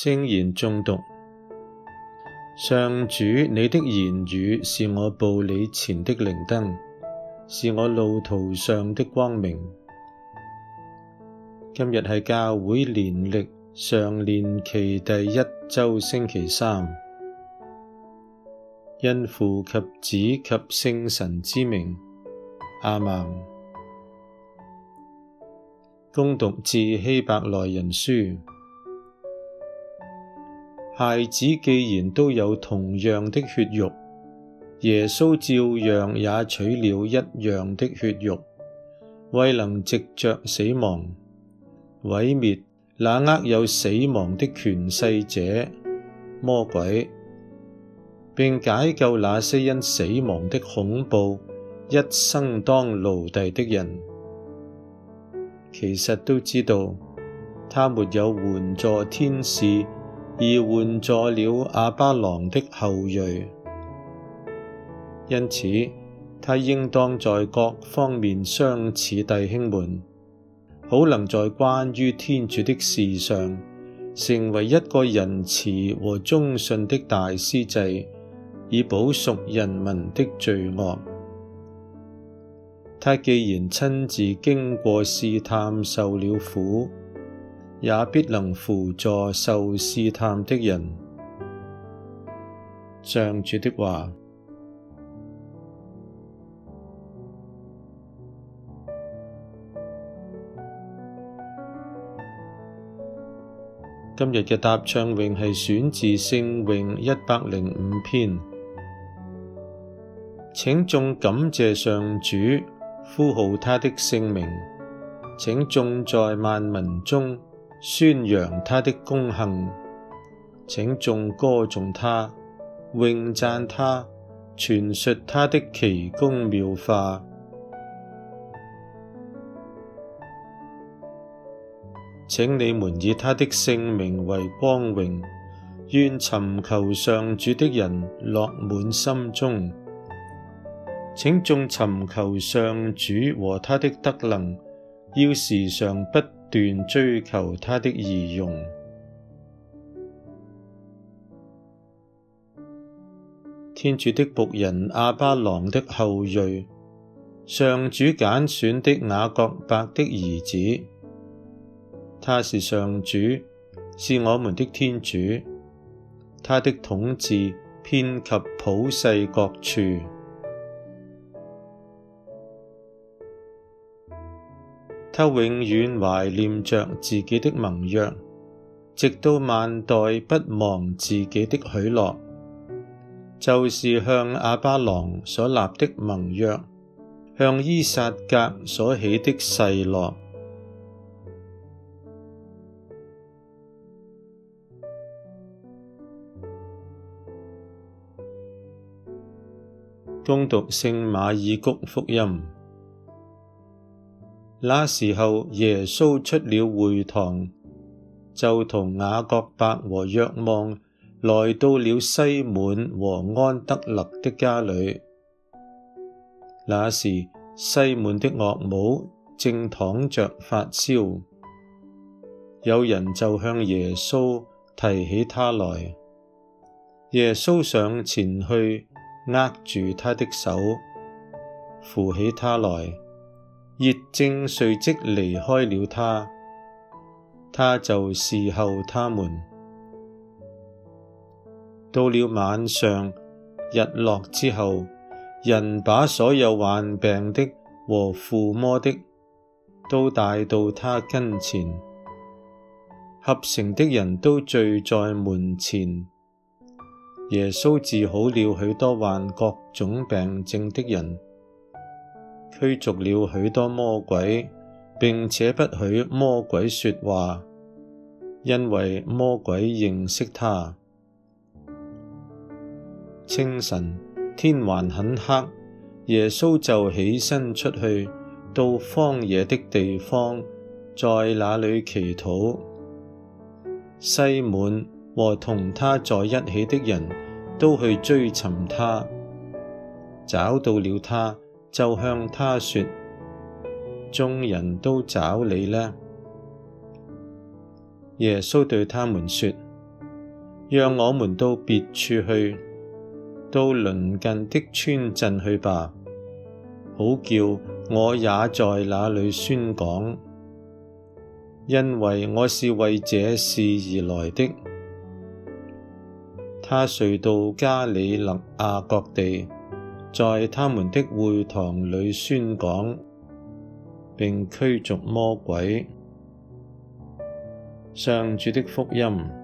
聖言中讀，上主，你的言語是我步你前的靈燈，是我路途上的光明。今日係教會年曆常年期第一周星期三，因父及子及聖神之名，阿門。恭讀致希伯來人書。孩子既然都有同樣的血肉，耶穌照樣也取了一樣的血肉，為能藉著死亡，毀滅那握有死亡的權勢者魔鬼，並解救那些因死亡的恐怖，一生當奴隸的人，其實都知道，他沒有援助天使。而援助了亞巴郎的後裔，因此他應當在各方面相似弟兄們，好能在關於天主的事上，成為一個仁慈和忠信的大司祭，以補贖人民的罪惡。他既然親自經過試探，受了苦。也必能扶助受試探的人。上主的話，今日嘅答唱詠係選自聖詠一百零五篇，請眾感謝上主，呼號他的聖名，請眾在萬民中。宣揚他的功行，請眾歌頌他，詠讚他，傳述他的奇工妙化，請你們以他的聖名為光榮，願尋求上主的人樂滿心中，請眾尋求上主和他的德能，要時常不斷追求他的儀容，天主的僕人亞巴郎的後裔，上主揀選的雅各伯的兒子，他是上主，是我們的天主，他的統治遍及普世各處。他永遠懷念着自己的盟約，直到萬代不忘自己的許諾，就是向亞巴郎所立的盟約，向依撒格所起的誓諾。恭 讀聖馬爾谷福音。那時候，耶穌出了會堂，就同雅各伯和若望來到了西滿和安德肋的家裏。那時西滿的岳母正躺着發燒，有人就向耶穌提起她來。耶穌上前去，握住她的手，扶起她來。熱症遂即離開了他，他就侍候他們。到了晚上，日落之後，人把所有患病的和附魔的都帶到他跟前，合城的人都聚在門前。耶穌治好了許多患各種病症的人。驅逐了許多魔鬼，並且不許魔鬼說話，因為魔鬼認識他。清晨，天還很黑，耶穌就起身出去，到荒野的地方，在那裏祈禱。西滿和同他在一起的人都去追尋他，找到了他。就向他說：眾人都找你呢！」耶穌對他們說：讓我們到別處去，到鄰近的村鎮去吧，好叫我也在那裏宣講，因為我是為這事而來的。他遂到加里肋亞各地，在他們的會堂裏宣講，並驅逐魔鬼，上主的福音。